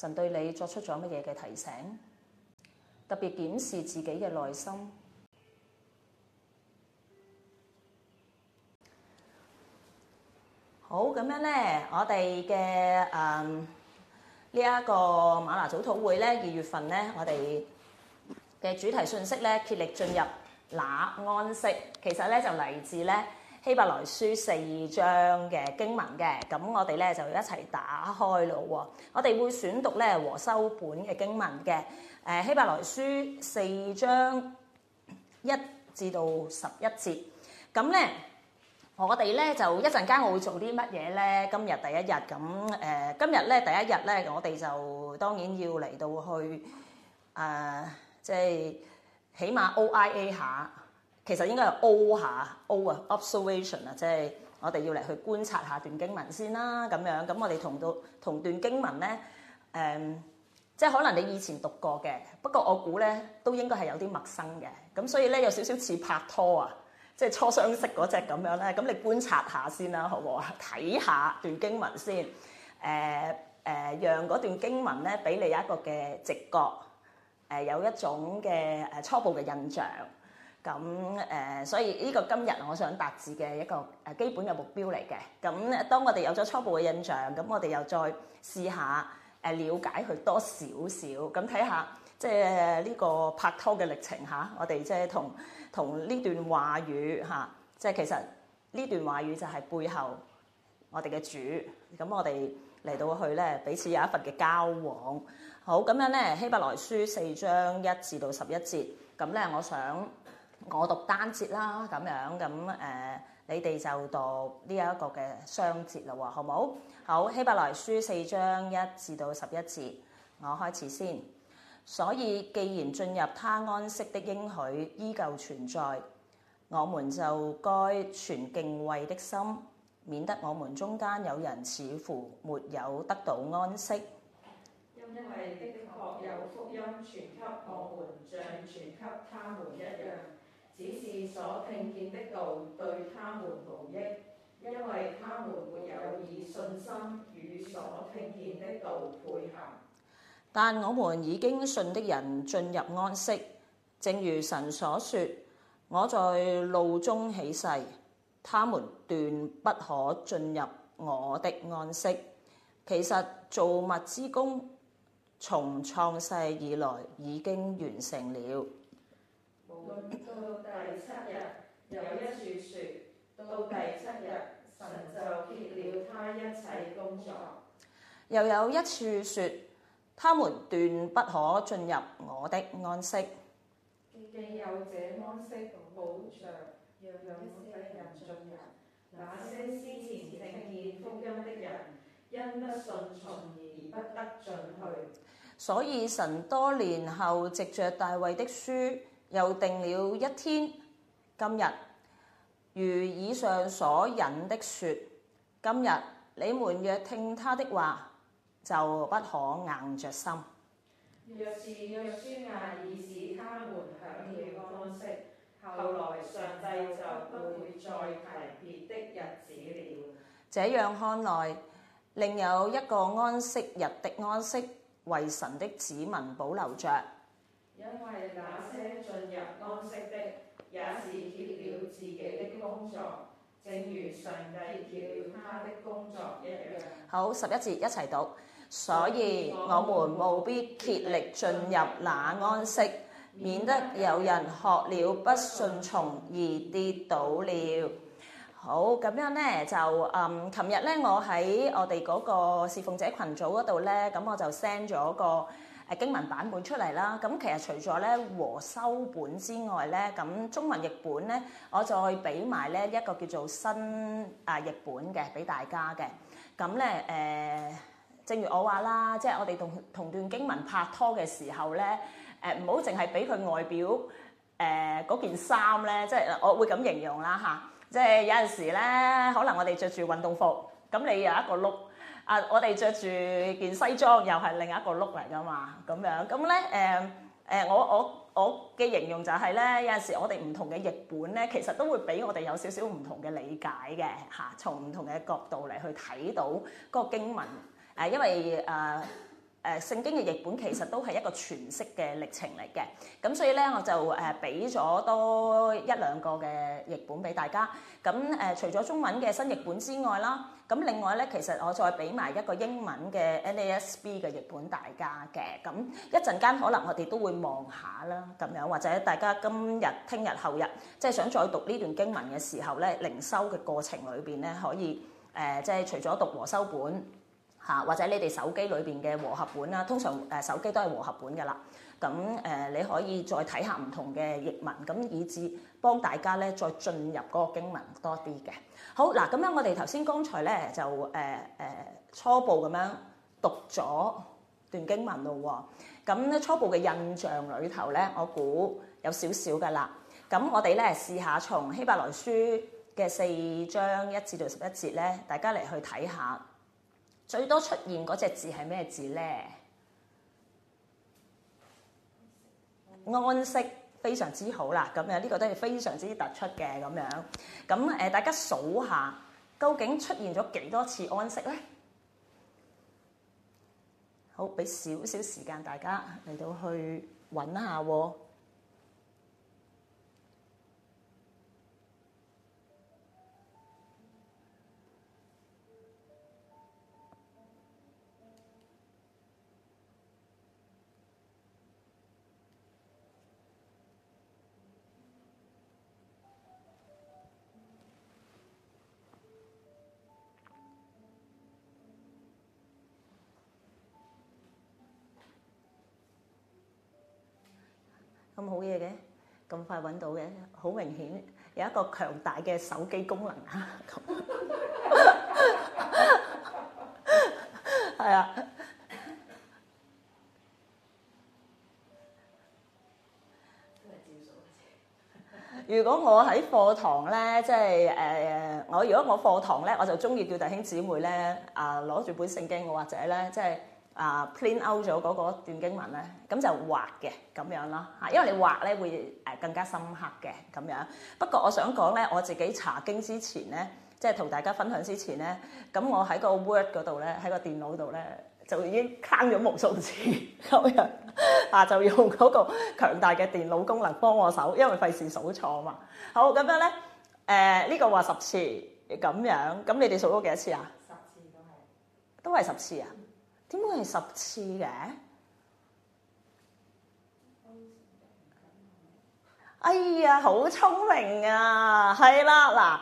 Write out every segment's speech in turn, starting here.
神對你作出咗乜嘢嘅提醒？特別檢視自己嘅內心。好，咁樣咧，我哋嘅誒呢一個嗎哪早禱會咧，二月份咧，我哋嘅主題信息咧，竭力進入那安息。其實咧，就嚟自咧。希伯來書四章嘅經文嘅，咁我哋咧就一齊打開咯喎，我哋會選讀咧和修本嘅經文嘅，誒希伯來書四章一至到十一節，咁咧我哋咧就一陣間我會做啲乜嘢咧？今日第一日咁誒，今日咧第一日咧，我哋就當然要嚟到去誒，即係起碼 OIA 下。其實應該係 observe 啊，observation 啊，即係我哋要嚟去觀察下段經文先啦，咁樣咁我哋同到同段經文咧，誒，即係可能你以前讀過嘅，不過我估咧都應該係有啲陌生嘅，咁所以咧有少少似拍拖啊，即係初相識嗰隻咁樣咧，咁你觀察下先啦，好唔好啊？睇下段經文先，誒誒，讓嗰段經文咧俾你有一個嘅直覺，誒有一種嘅誒初步嘅印象。咁誒，所以呢個今日我想達至嘅一個誒基本嘅目標嚟嘅。咁咧，當我哋有咗初步嘅印象，咁我哋又再試下誒了解佢多少少咁睇下，即係呢個拍拖嘅歷程嚇。我哋即係同同呢段話語嚇，即係其實呢段話語就係背後我哋嘅主。咁我哋嚟到去咧，彼此有一份嘅交往。好，咁樣咧，希伯來書四章一至到十一節，咁咧，我想。我讀單節啦，咁樣咁誒，你哋就讀呢一個嘅雙節嘞喎，好冇？好，希伯來書四章一至到十一節，我開始先。所以既然進入他安息的應許依舊存在，我們就該存敬畏的心，免得我們中間有人似乎沒有得到安息，因為的確有福音傳給我們，像傳給他們一樣。只是所聽見的道對他們無益，因為他們沒有以信心與所聽見的道配合。但我們已經信的人進入安息，正如神所說，我在怒中起誓，他們斷不可進入我的安息。其實造物之工從創世以來已經完成了。到第七日，有一處說到第七日，神就歇了他一切工作。又有一處說，他們斷不可進入我的安息。既有這安息保留着，讓一些人進入。那些先前聽見福音的人，因不順從而不得進去。所以神多年後藉着大衛的書。又定了一天，今日如以上所引的説，今日你們若聽他的話，就不可硬着心。若是約書亞已使他們享了安息，後來上帝就不會再提別的日子了。這樣看來，另有一個安息日的安息，為神的子民保留着。因為那些進入安息的，也是歇了自己的工作，正如上帝歇了他的工作的一樣。好，十一節一齊讀。所以我們務必竭力進入那安息，免得有人學了不信從而跌倒了。好，咁樣咧就嗯，琴日咧我喺我哋嗰個侍奉者群組嗰度咧，咁我就 send 咗個。經文版本出嚟啦，咁其實除咗咧和修本之外咧，咁中文譯本咧，我再俾埋咧一個叫做新啊譯本嘅俾大家嘅。咁咧誒，正如我話啦，即係我哋同同段經文拍拖嘅時候咧，誒唔好淨係俾佢外表誒嗰件衫咧，即係我會咁形容啦嚇。即係有陣時咧，可能我哋著住運動服，咁你有一個 look。啊！我哋着住件西裝，又係另一個 look 嚟㗎嘛，咁樣咁咧誒誒，我我我嘅形容就係、是、咧，有陣時我哋唔同嘅譯本咧，其實都會俾我哋有少少唔同嘅理解嘅嚇，從、啊、唔同嘅角度嚟去睇到嗰個經文誒、呃，因為啊。呃誒聖經嘅譯本其實都係一個詮釋嘅歷程嚟嘅，咁所以咧我就誒俾咗多一兩個嘅譯本俾大家。咁誒、呃、除咗中文嘅新譯本之外啦，咁另外咧其實我再俾埋一個英文嘅 NASB 嘅譯本大家嘅。咁一陣間可能我哋都會望下啦，咁樣或者大家今日、聽日、後日，即係想再讀呢段經文嘅時候咧，靈修嘅過程裏邊咧可以誒、呃，即係除咗讀和修本。嚇，或者你哋手機裏邊嘅和合本啦，通常誒手機都係和合本嘅啦。咁誒，你可以再睇下唔同嘅譯文，咁以至幫大家咧再進入嗰個經文多啲嘅。好，嗱咁樣我哋頭先剛才咧就誒誒、呃、初步咁樣讀咗段經文咯喎。咁咧初步嘅印象裏頭咧，我估有少少嘅啦。咁我哋咧試下從希伯來書嘅四章一至到十一節咧，大家嚟去睇下。最多出現嗰隻字係咩字咧？嗯、安息非常之好啦，咁樣呢、這個都係非常之突出嘅咁樣。咁誒，大家數下，究竟出現咗幾多次安息咧？好，俾少少時間大家嚟到去揾下喎。咁好嘢嘅，咁快揾到嘅，好明顯有一個強大嘅手機功能啊！咁，係啊。如果我喺課堂咧，即係誒，我如果我課堂咧，我就鍾意叫弟兄姊妹咧，啊攞住本聖經或者咧，即係。啊，plan out 咗嗰段經文咧，咁、嗯、就畫嘅咁樣咯嚇，因為你畫咧會誒更加深刻嘅咁樣。不過我想講咧，我自己查經之前咧，即係同大家分享之前咧，咁我喺個 Word 嗰度咧，喺個電腦度咧，就已經慳咗無數次咁樣啊， 就用嗰個強大嘅電腦功能幫我手，因為費事數錯嘛。好，咁樣咧，誒、呃、呢、呢個話十次咁樣，咁你哋數咗幾多次啊？十次都係都係十次啊！點會係十次嘅？ 哎呀，好聰明啊！係啦，嗱，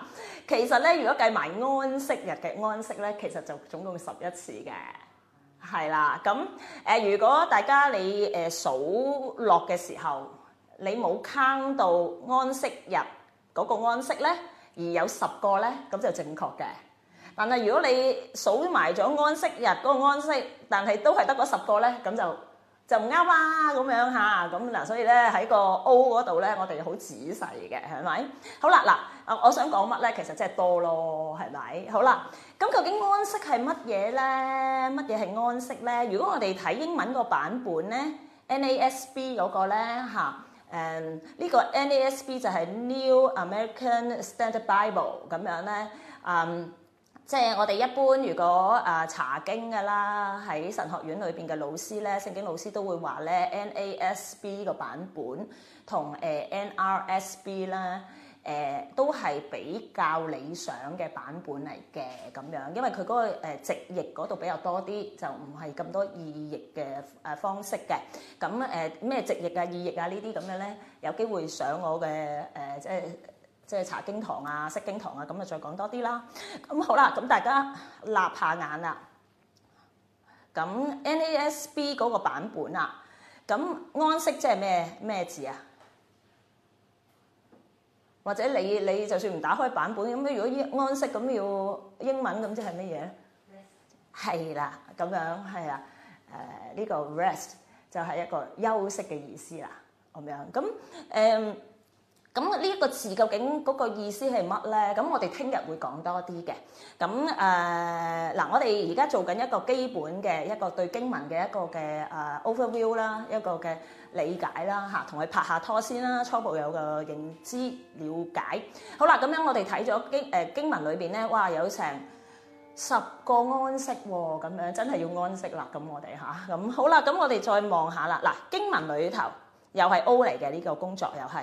其實咧，如果計埋安息日嘅安息咧，其實就總共十一次嘅，係啦。咁、嗯、誒、嗯，如果大家你誒數落嘅時候，你冇 count 到安息日嗰個安息咧，而有十個咧，咁就正確嘅。但係如果你數埋咗安息日嗰個安息，但係都係得嗰十個咧，咁就就唔啱啊咁樣嚇，咁嗱，所以咧喺個 O 嗰度咧，我哋好仔細嘅係咪？好啦嗱，啊我想講乜咧？其實真係多咯，係咪？好啦，咁究竟安息係乜嘢咧？乜嘢係安息咧？如果我哋睇英文個版本咧，NASB 嗰個咧嚇，誒呢個 NASB 就係 New American Standard Bible 咁樣咧，嗯。即係我哋一般如果啊查經㗎啦，喺神學院裏邊嘅老師咧，聖經老師都會話咧 NASB 個版本同誒 NRSB 啦、呃、誒都係比較理想嘅版本嚟嘅咁樣，因為佢嗰個直譯嗰度比較多啲，就唔係咁多意譯嘅誒方式嘅。咁誒咩直譯啊、意譯啊呢啲咁樣咧，有機會上我嘅誒、呃、即係。即係查經堂啊、釋經堂啊，咁啊再講多啲啦。咁好啦，咁大家立下眼啦。咁 NASB 嗰個版本啊，咁安息即係咩咩字啊？或者你你就算唔打開版本咁，如果安息咁要英文咁，即係乜嘢？Rest 係啦，咁樣係啊。誒、呃、呢、這個 rest 就係一個休息嘅意思啦。咁樣咁誒。咁呢一個詞究竟嗰個意思係乜咧？咁我哋聽日會講多啲嘅。咁誒嗱，我哋而家做緊一個基本嘅一個對經文嘅一個嘅誒 overview 啦，一個嘅理解啦嚇，同佢拍下拖先啦，初步有個認知了解。好啦，咁樣我哋睇咗經誒經文裏邊咧，哇，有成十個安息喎，咁樣真係要安息啦。咁我哋嚇，咁好啦，咁我哋再望下啦嗱，經文裏頭又係 O 嚟嘅呢個工作又係。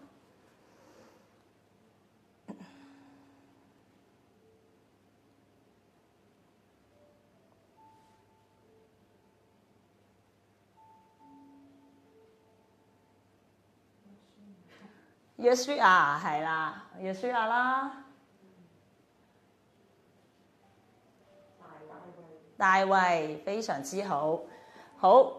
耶穌啊，係啦，耶穌啊啦，大衛非常之好，好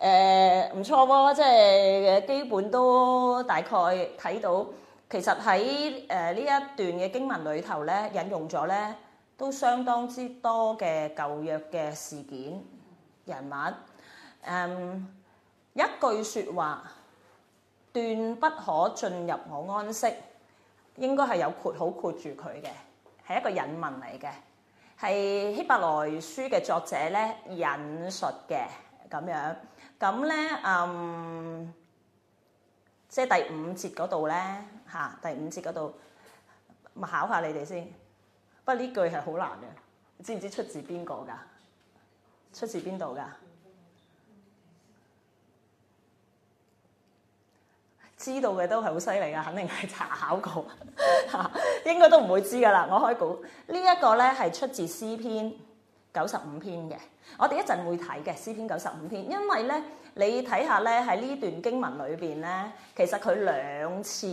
誒，唔錯喎，即係基本都大概睇到，其實喺誒呢一段嘅經文裏頭咧引用咗咧，都相當之多嘅舊約嘅事件人物，嗯，一句說話。斷不可進入我安息，應該係有括好括住佢嘅，係一個引文嚟嘅，係希伯來書嘅作者咧引述嘅咁樣。咁咧，嗯，即係第五節嗰度咧嚇，第五節嗰度咪考下你哋先。不過呢句係好難嘅，你知唔知出自邊個噶？出自邊度噶？知道嘅都係好犀利啊！肯定係查考過， 應該都唔會知噶啦。我開估呢一個咧，係出自詩篇九十五篇嘅。我哋一陣會睇嘅詩篇九十五篇，因為咧你睇下咧喺呢段經文裏邊咧，其實佢兩次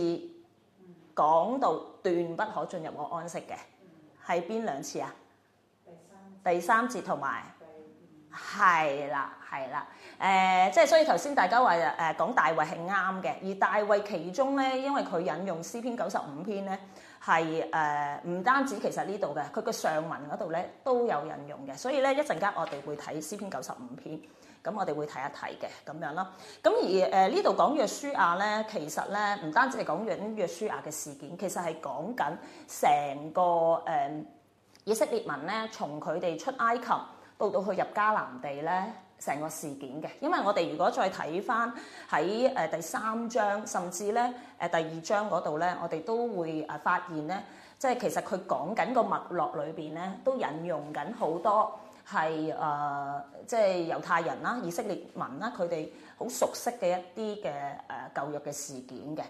講到斷不可進入我安息嘅，係邊兩次啊？第三節同埋。係啦，係啦，誒，即、呃、係所以頭先大家話誒講大衛係啱嘅，而大衛其中咧，因為佢引用詩篇九十五篇咧，係誒唔單止其實呢度嘅，佢個上文嗰度咧都有引用嘅，所以咧一陣間我哋會睇詩篇九十五篇，咁我哋會睇一睇嘅咁樣啦。咁而誒呢度講約書亞咧，其實咧唔單止係講約約書亞嘅事件，其實係講緊成個誒、呃、以色列文咧，從佢哋出埃及。到到去入迦南地咧，成個事件嘅。因為我哋如果再睇翻喺誒第三章，甚至咧誒、呃、第二章嗰度咧，我哋都會誒發現咧，即係其實佢講緊個脈絡裏邊咧，都引用緊好多係誒、呃，即係猶太人啦、以色列民啦，佢哋好熟悉嘅一啲嘅誒舊約嘅事件嘅。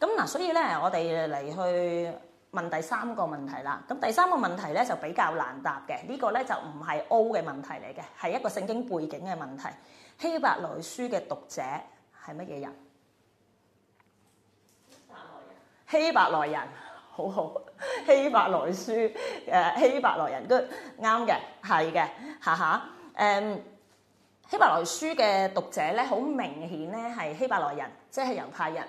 咁嗱，所以咧，我哋嚟去。問第三個問題啦，咁第三個問題咧就比較難答嘅，呢個咧就唔係 O 嘅問題嚟嘅，係一個聖經背景嘅問題。希伯來書嘅讀者係乜嘢人？希伯來人，希伯來人，好好。希伯來書誒希伯來人，都啱嘅，係嘅，哈哈。誒希伯來書嘅讀者咧，好明顯咧係希伯來人，即係猶太人。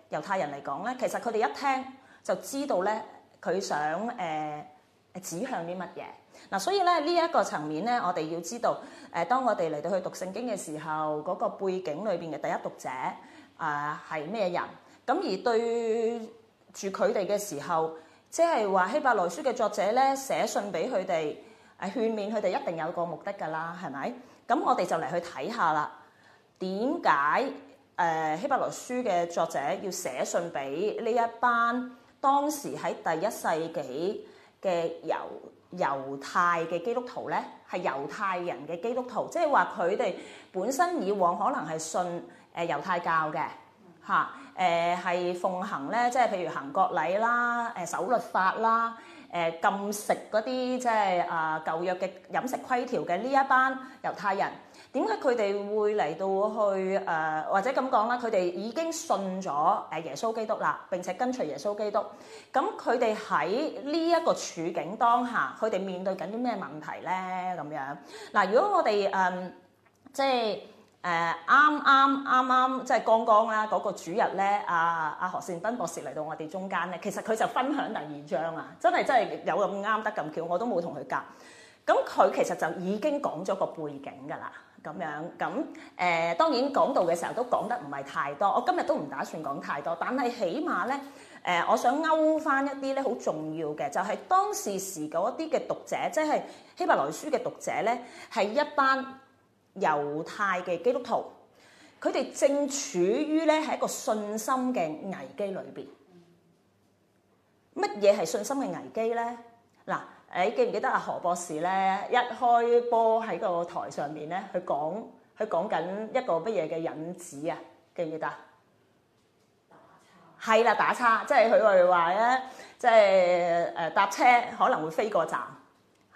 猶太人嚟講咧，其實佢哋一聽就知道咧，佢想誒指向啲乜嘢。嗱、啊，所以咧呢一、這個層面咧，我哋要知道誒、呃，當我哋嚟到去讀聖經嘅時候，嗰、那個背景裏邊嘅第一讀者啊係咩人？咁而對住佢哋嘅時候，即係話希伯來書嘅作者咧寫信俾佢哋誒勸勉佢哋，一定有個目的㗎啦，係咪？咁我哋就嚟去睇下啦，點解？誒希伯來書嘅作者要寫信俾呢一班當時喺第一世紀嘅猶猶太嘅基督徒咧，係猶太人嘅基督徒，即係話佢哋本身以往可能係信誒猶太教嘅，嚇誒係奉行咧，即係譬如行割禮啦、誒守律法啦、誒禁食嗰啲即係啊舊約嘅飲食規條嘅呢一班猶太人。點解佢哋會嚟到去誒、呃，或者咁講啦？佢哋已經信咗誒耶穌基督啦，並且跟隨耶穌基督。咁佢哋喺呢一個處境當下，佢哋面對緊啲咩問題咧？咁樣嗱，如果我哋誒、呃、即係誒啱啱啱啱即係剛剛啦嗰個主日咧，阿、啊、阿、啊、何善斌博士嚟到我哋中間咧，其實佢就分享第二章啊，真係真係有咁啱得咁巧，我都冇同佢夾。咁佢其實就已經講咗個背景㗎啦。咁樣咁誒，當然講到嘅時候都講得唔係太多，我今日都唔打算講太多，但係起碼咧誒，我想勾返一啲咧好重要嘅，就係當時時嗰一啲嘅讀者，即係希伯來書嘅讀者咧，係一班猶太嘅基督徒，佢哋正處於咧係一個信心嘅危機裏邊。乜嘢係信心嘅危機咧？嗱。誒、哎、記唔記得阿何博士咧一開波喺個台上面咧，佢講佢講緊一個乜嘢嘅引子啊？記唔記得？係啦叉，打叉，即係佢係話咧，即係誒、呃、搭車可能會飛過站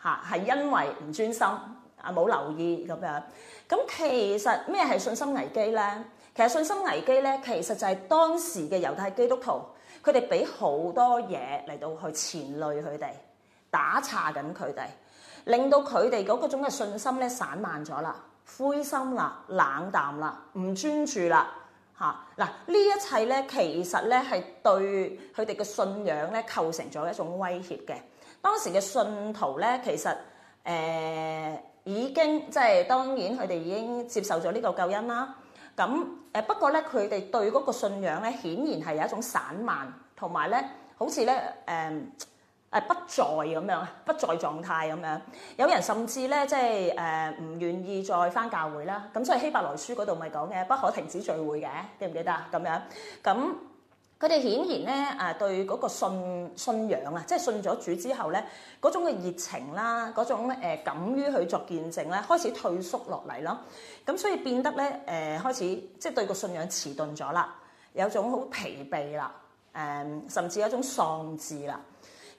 嚇，係因為唔專心啊，冇留意咁樣。咁其實咩係信心危機咧？其實信心危機咧，其實就係當時嘅猶太基督徒，佢哋俾好多嘢嚟到去牽累佢哋。打岔緊佢哋，令到佢哋嗰種嘅信心咧散漫咗啦，灰心啦，冷淡啦，唔專注啦，嚇嗱，呢一切咧，其實咧係對佢哋嘅信仰咧構成咗一種威脅嘅。當時嘅信徒咧，其實誒、呃、已經即係當然佢哋已經接受咗呢個救恩啦。咁誒、呃、不過咧，佢哋對嗰個信仰咧，顯然係有一種散漫，同埋咧好似咧誒。呃誒不在咁樣，不在狀態咁樣。有人甚至咧，即係誒唔願意再返教會啦。咁所以希伯來書嗰度咪講嘅，不可停止聚會嘅，記唔記得？咁樣咁佢哋顯然咧啊、呃，對嗰個信信仰啊，即係信咗主之後咧，嗰種嘅熱情啦，嗰種誒、呃、敢於去作見證咧，開始退縮落嚟咯。咁所以變得咧誒、呃，開始即係對個信仰遲鈍咗啦，有種好疲憊啦，誒、呃、甚至有種喪志啦。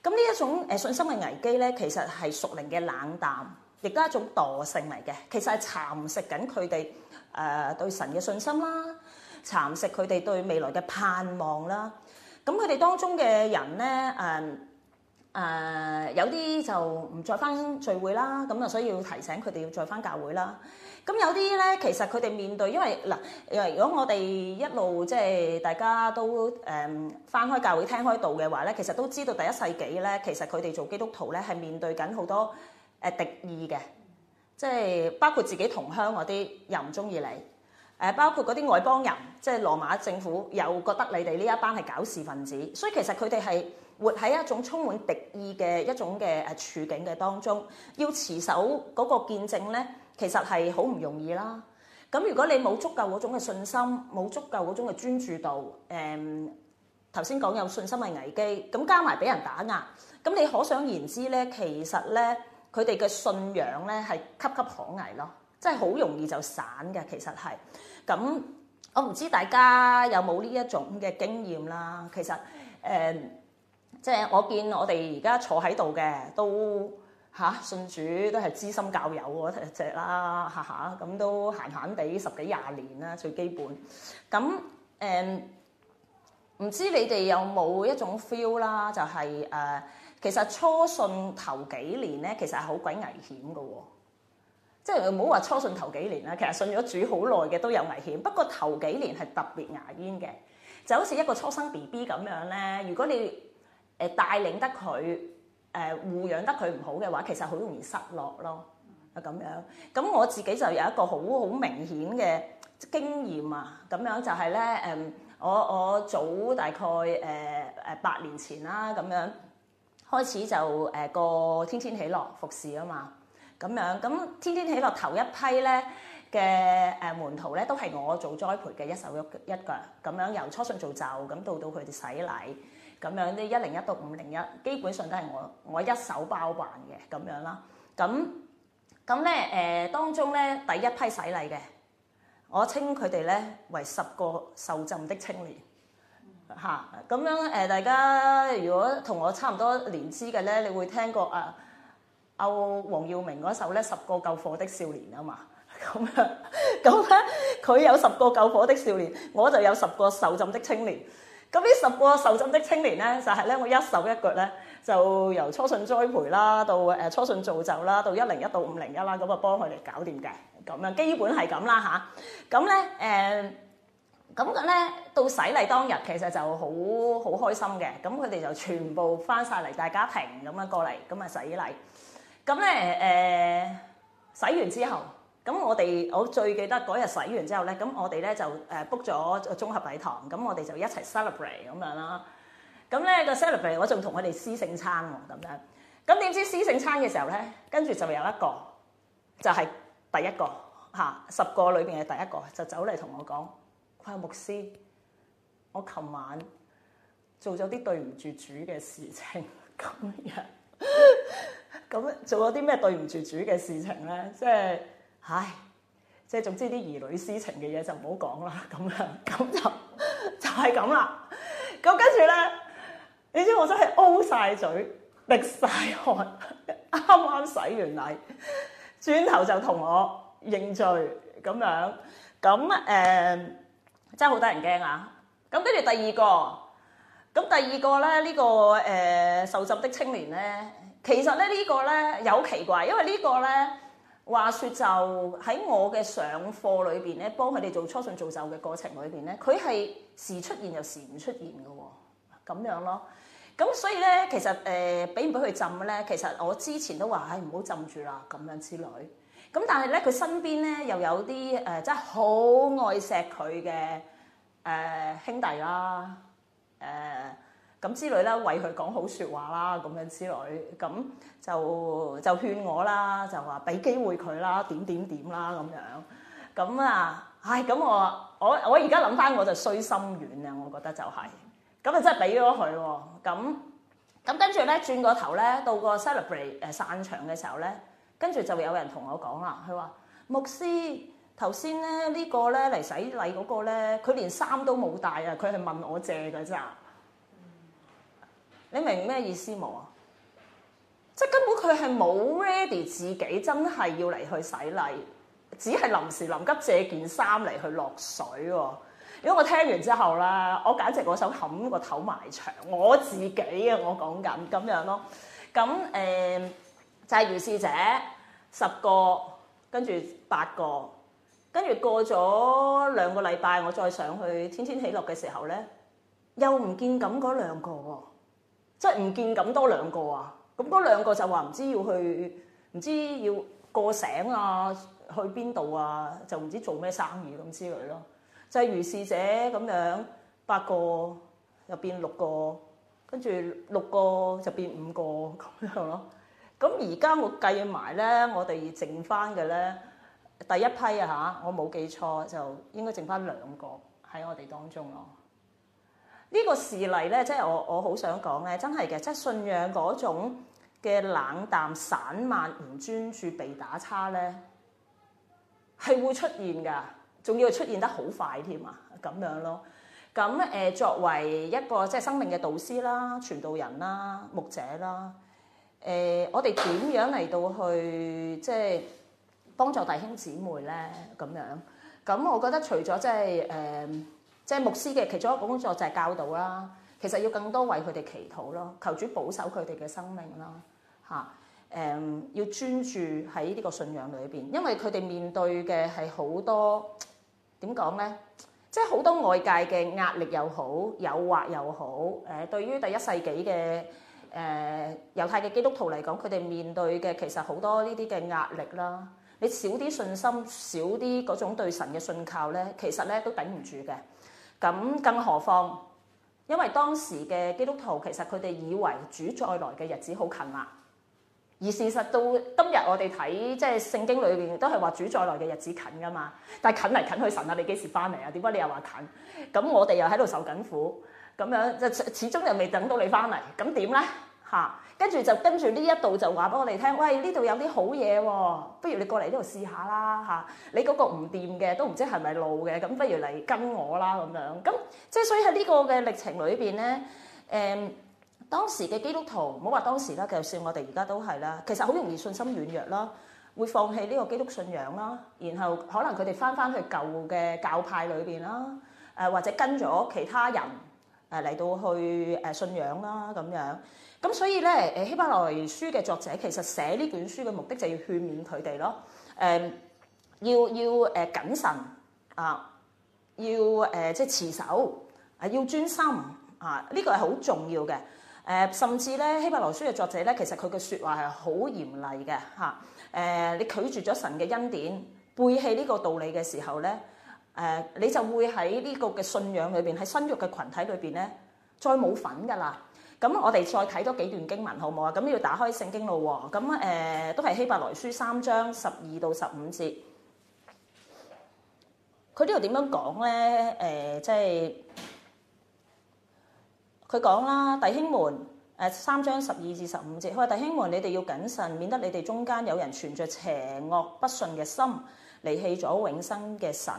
咁呢一種誒信心嘅危機咧，其實係屬靈嘅冷淡，亦都係一種惰性嚟嘅。其實係蠶食緊佢哋誒對神嘅信心啦，蠶食佢哋對未來嘅盼望啦。咁佢哋當中嘅人咧，誒、呃、誒有啲就唔再返聚會啦。咁啊，所以要提醒佢哋要再返教會啦。咁有啲咧，其實佢哋面對，因為嗱，如果我哋一路即係大家都誒、嗯、翻開教會聽開道嘅話咧，其實都知道第一世紀咧，其實佢哋做基督徒咧係面對緊好多誒敵意嘅，即係包括自己同鄉嗰啲又唔中意你，誒包括嗰啲外邦人，即係羅馬政府又覺得你哋呢一班係搞事分子，所以其實佢哋係活喺一種充滿敵意嘅一種嘅誒處境嘅當中，要持守嗰個見證咧。其實係好唔容易啦，咁如果你冇足夠嗰種嘅信心，冇足夠嗰種嘅專注度，誒頭先講有信心係危機，咁加埋俾人打壓，咁你可想言之可想而知咧，其實咧佢哋嘅信仰咧係岌岌可危咯，真係好容易就散嘅，其實係。咁我唔知大家有冇呢一種嘅經驗啦，其實誒即係我見我哋而家坐喺度嘅都。吓、啊、信主都係資深教友嗰隻啦嚇嚇，咁都閒閒地十幾廿年啦，最基本。咁誒唔知你哋有冇一種 feel 啦、就是，就係誒，其實初信頭幾年咧，其實係好鬼危險嘅喎。即係唔好話初信頭幾年啦，其實信咗主好耐嘅都有危險，不過頭幾年係特別牙煙嘅，就好似一個初生 B B 咁樣咧。如果你誒帶領得佢。誒護養得佢唔好嘅話，其實好容易失落咯，啊咁樣。咁我自己就有一個好好明顯嘅經驗啊，咁樣就係、是、咧，誒、嗯、我我早大概誒誒、呃呃、八年前啦，咁樣開始就誒個、呃、天天喜樂服侍啊嘛，咁樣咁天天喜樂頭一批咧嘅誒門徒咧，都係我做栽培嘅一手一腳，咁樣由初信造就，咁到到佢哋洗禮。咁樣啲一零一到五零一，基本上都係我我一手包辦嘅咁樣啦。咁咁咧誒，當中咧第一批洗禮嘅，我稱佢哋咧為十個受浸的青年嚇。咁樣誒、呃，大家如果同我差唔多年資嘅咧，你會聽過啊？歐、呃、黃耀明嗰首咧《十個救火的少年》啊嘛，咁樣咁咧，佢有十個救火的少年，我就有十個受浸的青年。咁呢十個受浸的青年咧，就係咧我一手一腳咧，就由初信栽培啦，到誒初信造就啦，到一零一到五零一啦，咁啊幫佢哋搞掂嘅咁啊，基本係咁啦嚇。咁咧誒咁嘅咧，到洗禮當日其實就好好開心嘅。咁佢哋就全部翻曬嚟，大家庭咁樣過嚟，咁啊洗禮。咁咧誒洗完之後。咁我哋我最記得嗰日洗完之後咧，咁我哋咧就誒 book 咗綜合禮堂，咁我哋就一齊 celebrate 咁樣啦。咁咧個 celebrate 我仲同佢哋私聖餐喎，咁樣。咁點知私聖餐嘅時候咧，跟住就有一個就係第一個吓，十個裏邊嘅第一個就走嚟同我講，佢話牧師，我琴晚做咗啲對唔住主嘅事情咁樣。咁 做咗啲咩對唔住主嘅事情咧？即係。唉，即係總之啲兒女私情嘅嘢就唔好講啦，咁樣咁就就係咁啦。咁跟住咧，你知我真係 O 晒嘴，滴晒汗，啱啱洗完禮，轉頭就同我認罪咁樣。咁誒、呃，真係好得人驚啊！咁跟住第二個，咁第二個咧呢、呢個誒、呃、受浸的青年咧，其實咧呢、呢個咧有奇怪，因為呢個咧。話説，就喺我嘅上課裏邊咧，幫佢哋做初信造就嘅過程裏邊咧，佢係時出現又時唔出現嘅喎、哦，咁樣咯。咁所以咧，其實誒俾唔俾佢浸咧，其實我之前都話唉唔好浸住啦咁樣之類。咁但係咧，佢身邊咧又有啲誒，真係好愛錫佢嘅誒兄弟啦，誒、呃。咁之類啦，為佢講好説話啦，咁樣之類，咁就就勸我啦，就話俾機會佢啦，點點點啦，咁樣，咁啊，唉，咁我我我而家諗翻我就衰心軟啊，我覺得就係、是，咁啊真係俾咗佢喎，咁咁跟住咧轉個頭咧，到個 celebrity 誒、呃、散場嘅時候咧，跟住就有人同我講啦，佢話牧師頭先咧呢個咧嚟洗禮嗰個咧，佢連衫都冇帶啊，佢係問我借嘅咋。你明咩意思冇啊？即係根本佢係冇 ready，自己真係要嚟去洗禮，只係臨時臨急借件衫嚟去落水喎。如果我聽完之後啦，我簡直個手冚個頭埋牆，我自己啊，我講緊咁樣咯。咁誒、嗯、就係、是、如是者十個，跟住八個，跟住過咗兩個禮拜，我再上去天天喜樂嘅時候咧，又唔見咁嗰兩個喎。即係唔見咁多兩個啊，咁嗰兩個就話唔知要去，唔知要過醒啊，去邊度啊，就唔知做咩生意咁之類咯，就係如是者咁樣，八個又變六個，跟住六個就變五個咁樣咯。咁而家我計埋咧，我哋剩翻嘅咧第一批啊嚇，我冇記錯就應該剩翻兩個喺我哋當中咯。呢個事例咧，即係我我好想講咧，真係嘅，即係信仰嗰種嘅冷淡、散漫、唔專注、被打叉咧，係會出現㗎，仲要出現得好快添啊！咁樣咯，咁誒作為一個即係生命嘅導師啦、傳道人啦、牧者啦，誒我哋點樣嚟到去即係幫助弟兄姊妹咧？咁樣，咁我覺得除咗即係誒。即係牧師嘅其中一個工作就係教導啦。其實要更多為佢哋祈禱咯，求主保守佢哋嘅生命啦。嚇誒，要專注喺呢個信仰裏邊，因為佢哋面對嘅係好多點講咧，即係好多外界嘅壓力又好，誘惑又好。誒，對於第一世紀嘅誒猶太嘅基督徒嚟講，佢哋面對嘅其實好多呢啲嘅壓力啦。你少啲信心，少啲嗰種對神嘅信靠咧，其實咧都頂唔住嘅。咁更何況，因為當時嘅基督徒其實佢哋以為主再來嘅日子好近啦，而事實到今日我哋睇即係聖經裏邊都係話主再來嘅日子近㗎嘛，但係近嚟近去神啊，你幾時翻嚟啊？點解你又話近？咁我哋又喺度受緊苦，咁樣就始終又未等到你翻嚟，咁點咧？嚇，跟住、啊、就跟住呢一度就話俾我哋聽，喂，呢度有啲好嘢喎、啊，不如你過嚟呢度試下啦嚇、啊。你嗰個唔掂嘅，都唔知係咪路嘅，咁不如嚟跟我啦咁樣。咁、嗯、即係所以喺呢個嘅歷程裏邊咧，誒、嗯、當時嘅基督徒唔好話當時啦，就算我哋而家都係啦，其實好容易信心軟弱啦，會放棄呢個基督信仰啦，然後可能佢哋翻翻去舊嘅教派裏邊啦，誒、呃、或者跟咗其他人。誒，嚟到去，誒，信仰啦咁樣，咁所以咧，誒，希伯來書嘅作者其實寫呢卷書嘅目的就要勸勉佢哋咯，誒、呃、要要誒、呃、謹慎啊，要誒、呃、即係持守啊，要專心啊，呢、呢個係好重要嘅。誒、啊、甚至咧，希伯來書嘅作者咧，其實佢嘅説話係好嚴厲嘅嚇。誒、啊、你、呃、拒絕咗神嘅恩典，背棄呢個道理嘅時候咧。誒，uh, 你就會喺呢個嘅信仰裏邊，喺新約嘅群體裏邊咧，再冇份噶啦。咁我哋再睇多幾段經文，好唔好啊？咁、嗯、要打開聖經咯喎。咁、呃、誒，都係希伯來書三章、呃呃、三章十二到十五節。佢呢度點樣講咧？誒，即係佢講啦，弟兄們誒，三章十二至十五節，佢話弟兄們，你哋要謹慎，免得你哋中間有人存着邪惡不信嘅心，離棄咗永生嘅神。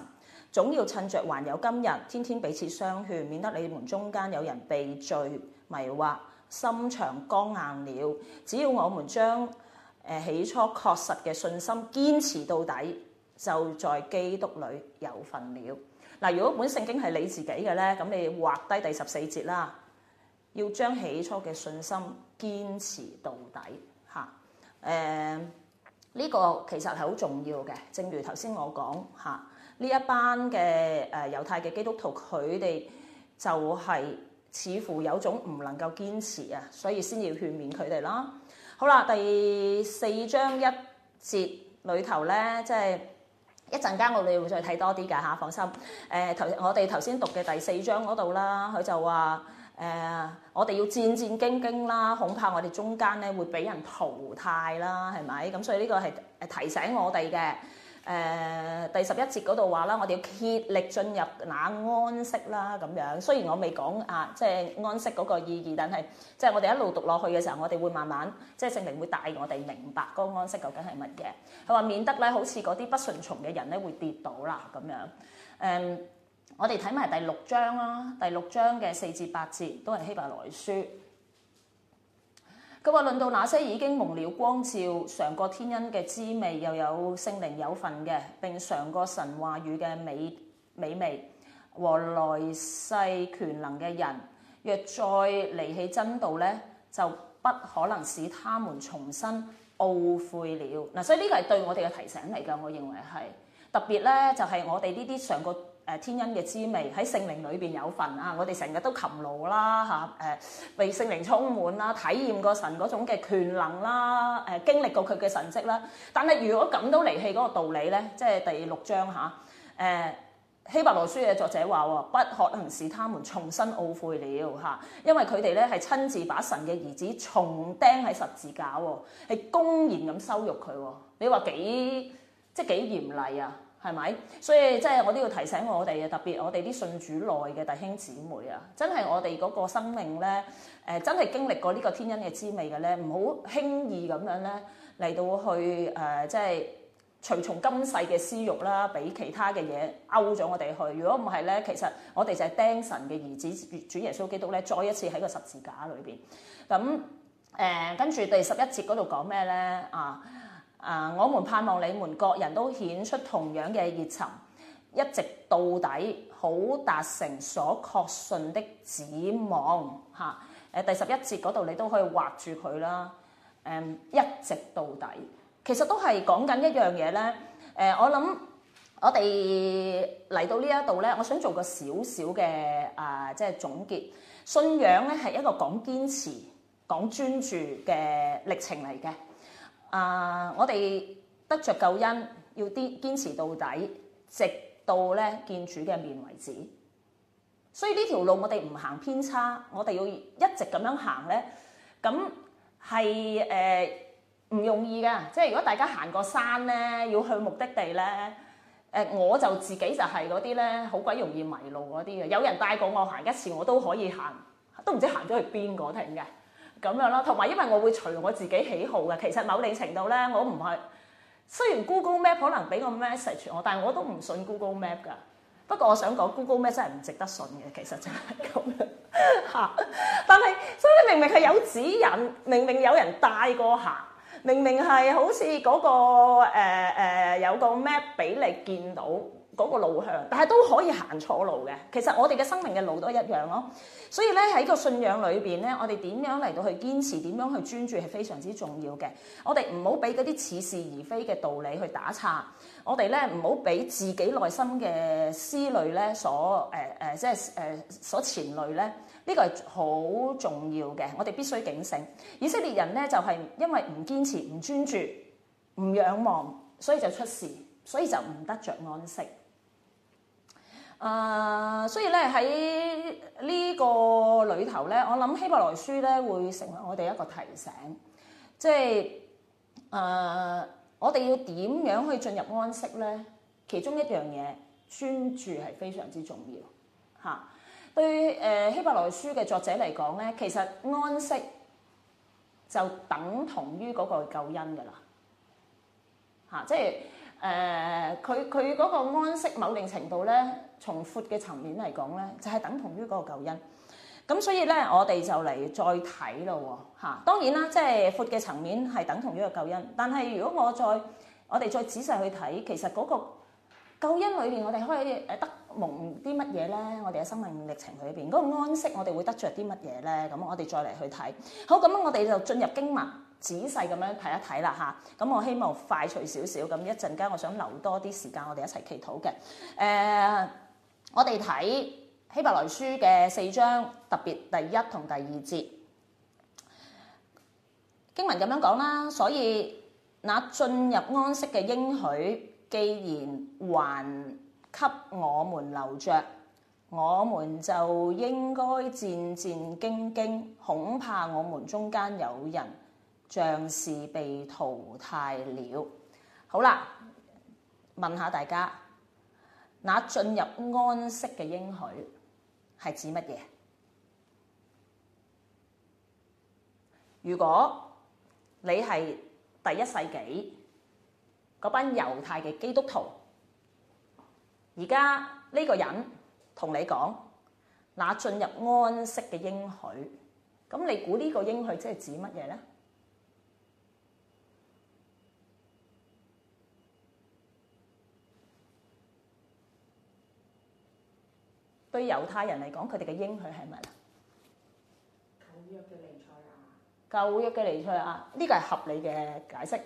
總要趁着還有今日，天天彼此相勸，免得你們中間有人被罪迷惑，心腸光硬了。只要我們將、呃、起初確實嘅信心堅持到底，就在基督裏有份了。嗱、呃，如果本聖經係你自己嘅呢，咁你畫低第十四節啦，要將起初嘅信心堅持到底嚇。誒，呢、呃這個其實係好重要嘅，正如頭先我講嚇。呢一班嘅誒猶太嘅基督徒，佢哋就係似乎有種唔能夠堅持啊，所以先要勸勉佢哋啦。好啦，第四章一節裏頭咧，即係一陣間我哋會再睇多啲㗎吓，放心。誒、呃、頭，我哋頭先讀嘅第四章嗰度啦，佢就話誒、呃，我哋要戰戰兢兢啦，恐怕我哋中間咧會俾人淘汰啦，係咪？咁所以呢個係誒提醒我哋嘅。誒、呃、第十一節嗰度話啦，我哋要竭力進入那安息啦咁樣。雖然我未講啊，即、就、係、是、安息嗰個意義，但係即係我哋一路讀落去嘅時候，我哋會慢慢即係聖靈會帶我哋明白嗰個安息究竟係乜嘢。佢話免得咧，好似嗰啲不順從嘅人咧會跌倒啦咁樣。誒、嗯，我哋睇埋第六章啦，第六章嘅四至八節都係希伯來書。咁啊，論到那些已經蒙了光照、常過天恩嘅滋味，又有聖靈有份嘅，並常過神話語嘅美美味和來世權能嘅人，若再離棄真道呢，就不可能使他們重新懊悔了。嗱、啊，所以呢個係對我哋嘅提醒嚟㗎，我認為係特別呢，就係、是、我哋呢啲常過。誒天恩嘅滋味喺聖靈裏邊有份啊！我哋成日都擒勞啦嚇，誒、啊啊、被聖靈充滿啦、啊，體驗過神嗰種嘅權能啦，誒、啊啊、經歷過佢嘅神跡啦、啊。但係如果咁都離棄嗰個道理咧，即係第六章嚇，誒、啊、希、啊、伯來書嘅作者話、哦、不可能使他們重新懊悔了嚇、啊，因為佢哋咧係親自把神嘅兒子重釘喺十字架喎，係、啊、公然咁羞辱佢喎、啊。你話幾即係幾嚴厲啊？係咪？所以即係我都要提醒我哋，特別我哋啲信主內嘅弟兄姊妹啊，真係我哋嗰個生命咧，誒、呃、真係經歷過呢個天恩嘅滋味嘅咧，唔好輕易咁樣咧嚟到去誒，即係隨從今世嘅私欲啦，俾其他嘅嘢勾咗我哋去。如果唔係咧，其實我哋就係釘神嘅兒子主耶穌基督咧，再一次喺個十字架裏邊。咁、嗯、誒，跟、呃、住第十一節嗰度講咩咧？啊！啊！我們盼望你們各人都顯出同樣嘅熱忱，一直到底，好達成所確信的指望。嚇、啊！誒，第十一節嗰度你都可以畫住佢啦。誒、嗯，一直到底，其實都係講緊一樣嘢咧。誒、呃，我諗我哋嚟到呢一度咧，我想做個少少嘅啊，即係總結，信仰咧係一個講堅持、講專注嘅歷程嚟嘅。啊！Uh, 我哋得着救恩，要堅堅持到底，直到咧見主嘅面為止。所以呢條路我哋唔行偏差，我哋要一直咁樣行咧。咁係誒唔容易嘅，即係如果大家行個山咧，要去目的地咧，誒、呃、我就自己就係嗰啲咧，好鬼容易迷路嗰啲嘅。有人帶過我行一次，我都可以行，都唔知行咗去邊個停嘅。咁樣咯，同埋因為我會隨我自己喜好嘅，其實某種程度咧，我唔係雖然 Google Map 可能俾個 message 我，但係我都唔信 Google Map 㗎。不過我想講 Google Map 真係唔值得信嘅，其實就係咁樣吓。 但係所以明明係有指引，明明有人帶過行，明明係好似嗰、嗰個誒、呃呃、有個 map 俾你見到，嗰個路向，但係都可以行錯路嘅。其實我哋嘅生命嘅路都一樣咯。所以咧，喺個信仰裏邊咧，我哋點樣嚟到去堅持，點樣去專注係非常之重要嘅。我哋唔好俾嗰啲似是而非嘅道理去打岔。我哋咧唔好俾自己內心嘅思慮咧所誒誒，即係誒所潛慮咧。呢個係好重要嘅。我哋必須警醒。以色列人咧就係因為唔堅持、唔專注、唔仰望，所以就出事，所以就唔得着安息。啊、呃，所以咧喺呢個裏頭咧，我諗希伯來書咧會成為我哋一個提醒，即係啊、呃，我哋要點樣去進入安息咧？其中一樣嘢，專注係非常之重要嚇、啊。對誒、呃、希伯來書嘅作者嚟講咧，其實安息就等同於嗰個救恩噶啦嚇，即係誒佢佢嗰個安息某定程度咧。從闊嘅層面嚟講咧，就係等同於嗰個救恩。咁所以咧，我哋就嚟再睇咯喎嚇。當然啦，即係闊嘅層面係等同於個救恩。但係如果我再我哋再仔細去睇，其實嗰個救恩裏面，我哋可以得蒙啲乜嘢咧？我哋嘅生命歷程裏邊，嗰個安息，我哋會得着啲乜嘢咧？咁我哋再嚟去睇。好，咁我哋就進入經文，仔細咁樣睇一睇啦嚇。咁我希望快趣少少，咁一陣間我想留多啲時間，我哋一齊祈禱嘅誒。我哋睇希伯來書嘅四章，特別第一同第二節經文咁樣講啦，所以那進入安息嘅應許，既然還給我們留着，我們就應該戰戰兢兢，恐怕我們中間有人像是被淘汰了。好啦，問下大家。那進入安息嘅應許係指乜嘢？如果你係第一世紀嗰班猶太嘅基督徒，而家呢個人同你講，那進入安息嘅應許，咁你估呢個應許即係指乜嘢咧？對猶太人嚟講，佢哋嘅應許係咪啊？舊約嘅離賽啊，舊約嘅離賽啊，呢個係合理嘅解釋。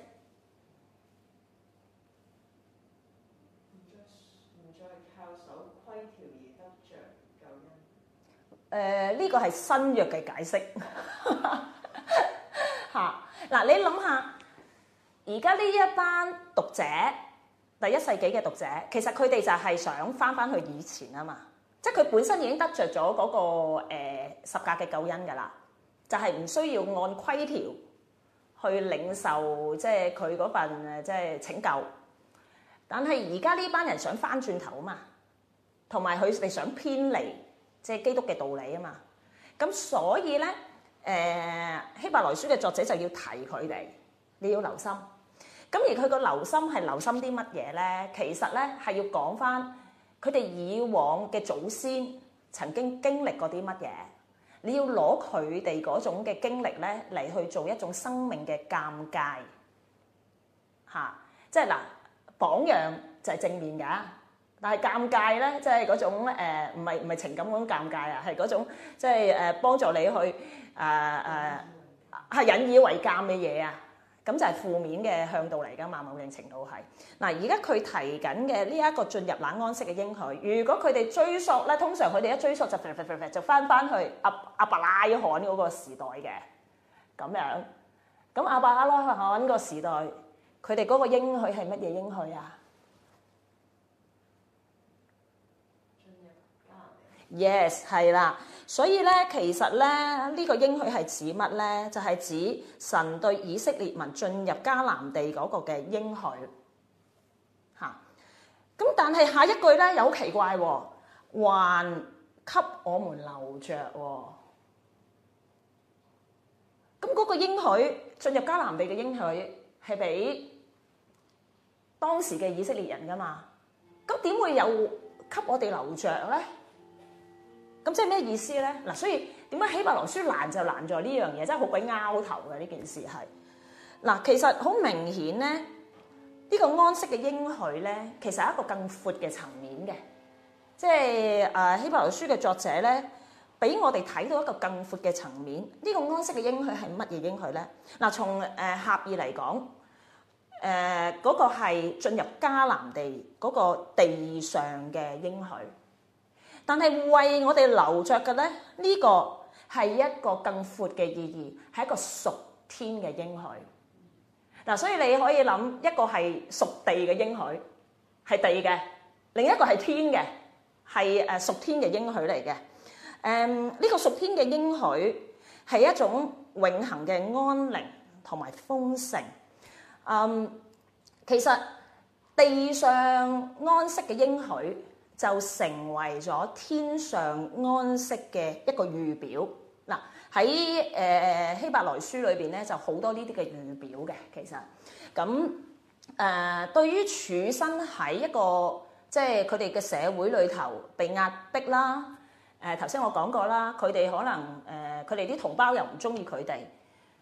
唔再唔再靠守規條而得著救恩。誒，呢個係新約嘅解釋嚇。嗱，你諗下，而家呢一班讀者，第一世紀嘅讀者，其實佢哋就係想返返去以前啊嘛。即係佢本身已經得著咗嗰個誒十架嘅救恩㗎啦，就係唔需要按規條去領受，即係佢嗰份即係拯救。但係而家呢班人想返轉頭啊嘛，同埋佢哋想偏離即係基督嘅道理啊嘛。咁所以咧，誒希伯來書嘅作者就要提佢哋，你要留心。咁而佢個留心係留心啲乜嘢咧？其實咧係要講返。佢哋以往嘅祖先曾經經歷過啲乜嘢？你要攞佢哋嗰種嘅經歷咧嚟去做一種生命嘅尷尬，嚇！即係嗱，榜樣就係正面嘅，但係尷尬咧，即係嗰種誒，唔係唔係情感嗰種尷尬啊，係嗰種即係誒幫助你去誒誒係引以為鑑嘅嘢啊！咁就係負面嘅向度嚟噶嘛，某程度係。嗱，而家佢提緊嘅呢一個進入冷安息嘅應許，如果佢哋追溯咧，通常佢哋一追溯就弗弗就返返去阿伯阿伯拉罕嗰個時代嘅，咁樣。咁阿伯拉罕個時代，佢哋嗰個應許係乜嘢應許啊？Yes，係啦。所以咧，其實咧，這個、應許呢個應許係指乜咧？就係、是、指神對以色列民進入迦南地嗰個嘅應許嚇。咁但係下一句咧又奇怪，還給我們留著、哦。咁嗰個應許進入迦南地嘅應許係俾當時嘅以色列人噶嘛？咁點會有給我哋留着咧？咁即係咩意思咧？嗱，所以點解希伯來書難就難在呢樣嘢，真係好鬼拗頭嘅呢件事係。嗱，其實好明顯咧，呢、這個安息嘅應許咧，其實係一個更闊嘅層面嘅。即係啊，希伯來書嘅作者咧，俾我哋睇到一個更闊嘅層面。呢、這個安息嘅應許係乜嘢應許咧？嗱，從誒狹義嚟講，誒嗰、呃那個係進入迦南地嗰、那個地上嘅應許。但係為我哋留著嘅咧，呢個係一個更闊嘅意義，係一個屬天嘅應許。嗱，所以你可以諗一個係屬地嘅應許，係地嘅；另一個係天嘅，係誒屬天嘅應許嚟嘅。誒呢個屬天嘅應許係一種永恆嘅安寧同埋豐盛。嗯，其實地上安息嘅應許。就成為咗天上安息嘅一個預表。嗱喺誒希伯來書裏邊咧，就好多呢啲嘅預表嘅。其實咁誒、嗯呃，對於處身喺一個即係佢哋嘅社會裏頭被壓迫啦，誒頭先我講過啦，佢哋可能誒佢哋啲同胞又唔中意佢哋，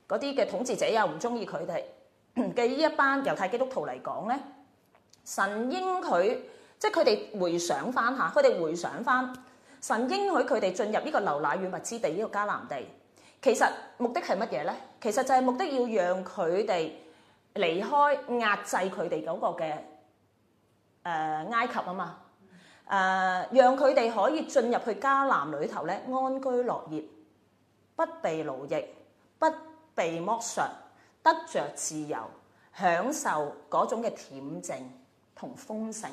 嗰啲嘅統治者又唔中意佢哋嘅呢一班猶太基督徒嚟講咧，神應佢。即係佢哋回想翻吓，佢哋回想翻神應許佢哋進入呢個流奶與蜜之地，呢、這個迦南地。其實目的係乜嘢咧？其實就係目的要讓佢哋離開壓制佢哋嗰個嘅誒、呃、埃及啊嘛誒，讓佢哋可以進入去迦南裏頭咧安居樂業，不被奴役，不被剝削，得着自由，享受嗰種嘅恬靜同豐盛。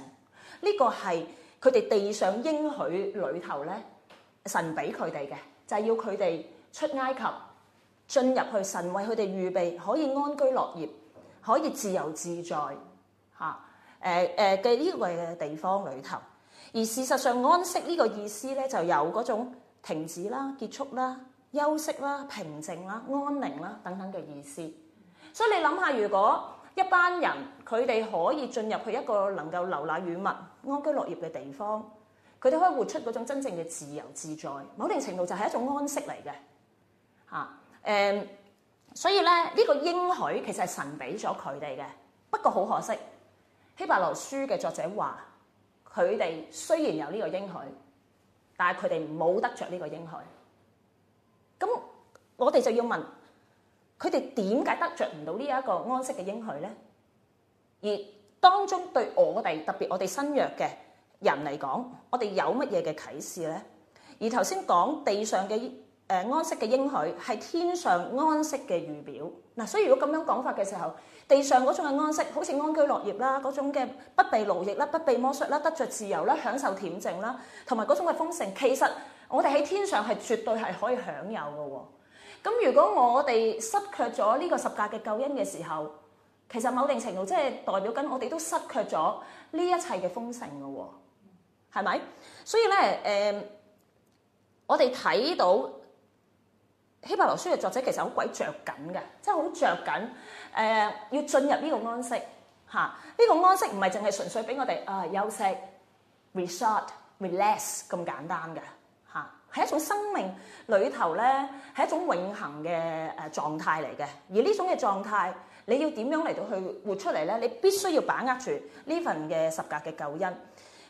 呢個係佢哋地上應許裏頭咧，神俾佢哋嘅就係要佢哋出埃及，進入去神為佢哋預備可以安居樂業，可以自由自在嚇誒誒嘅呢個嘅地方裏頭。而事實上，安息呢個意思咧，就有嗰種停止啦、結束啦、休息啦、平靜啦、安寧啦等等嘅意思。所以你諗下，如果一班人佢哋可以進入去一個能夠流奶與蜜、安居樂業嘅地方，佢哋可以活出嗰種真正嘅自由自在，某定程度就係一種安息嚟嘅嚇。誒、啊嗯，所以咧呢、呢個應許其實係神俾咗佢哋嘅，不過好可惜。希伯來書嘅作者話：佢哋雖然有呢個應許，但係佢哋冇得着呢個應許。咁我哋就要問。佢哋點解得着唔到呢一個安息嘅應許咧？而當中對我哋特別我哋新約嘅人嚟講，我哋有乜嘢嘅啟示咧？而頭先講地上嘅誒、呃、安息嘅應許係天上安息嘅預表嗱、啊，所以如果咁樣講法嘅時候，地上嗰種嘅安息，好似安居樂業啦，嗰種嘅不被奴役啦，不被剝削啦，得着自由啦，享受恬靜啦，同埋嗰種嘅豐盛，其實我哋喺天上係絕對係可以享有㗎喎。咁如果我哋失卻咗呢個十架嘅救恩嘅時候，其實某定程度即係代表緊我哋都失卻咗呢一切嘅豐盛嘅喎，係咪？所以咧，誒、呃，我哋睇到希伯來書嘅作者其實好鬼着緊嘅，即係好着緊誒、呃，要進入呢個安息嚇。呢、啊這個安息唔係淨係純粹俾我哋啊休息，rest，relax 咁簡單嘅。係一種生命裏頭咧，係一種永恆嘅誒狀態嚟嘅。而呢種嘅狀態，你要點樣嚟到去活出嚟咧？你必須要把握住呢份嘅十格嘅救恩。誒、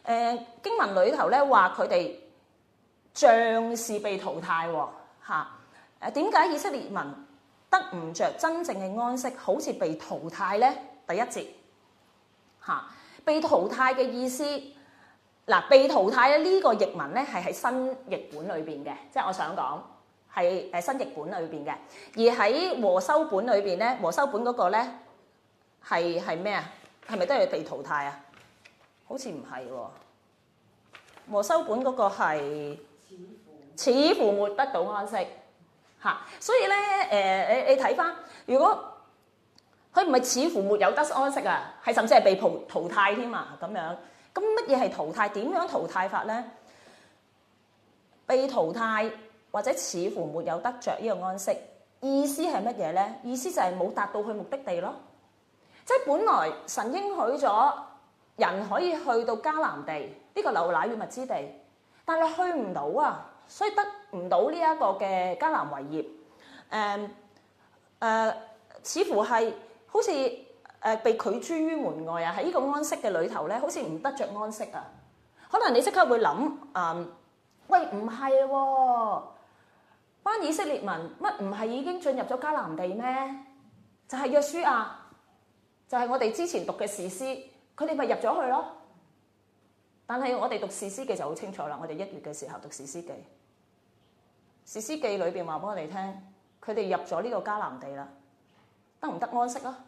呃、經文裏頭咧話佢哋像是被淘汰喎、哦，嚇誒點解以色列民得唔着真正嘅安息，好似被淘汰咧？第一節嚇、啊、被淘汰嘅意思。嗱，被淘汰咧呢個譯文咧係喺新譯本裏邊嘅，即、就、係、係、我想講係誒新譯本裏邊嘅。而喺和修本裏邊咧，和修本嗰個咧係係咩啊？係咪都係被淘汰啊？好似唔係喎，和修本嗰個係似，乎似乎沒得到安息嚇、啊，所以咧誒、呃、你你睇返，如果佢唔係似乎沒有得安息啊，係甚至係被淘汰添啊咁樣。咁乜嘢係淘汰？點樣淘汰法咧？被淘汰或者似乎沒有得着呢個安息，意思係乜嘢咧？意思就係冇達到去目的地咯。即係本來神應許咗人可以去到迦南地，呢、這個牛奶與蜜之地，但係去唔到啊，所以得唔到呢一個嘅迦南為業。誒、嗯、誒、呃，似乎係好似。誒被拒諸於門外啊！喺呢個安息嘅裏頭咧，好似唔得着安息啊！可能你即刻會諗啊、嗯，喂，唔係喎，班以色列民乜唔係已經進入咗迦南地咩？就係、是、約書亞，就係、是、我哋之前讀嘅士師，佢哋咪入咗去咯。但係我哋讀士師記就好清楚啦。我哋一月嘅時候讀士師記，士師記裏邊話俾我哋聽，佢哋入咗呢個迦南地啦，得唔得安息啊？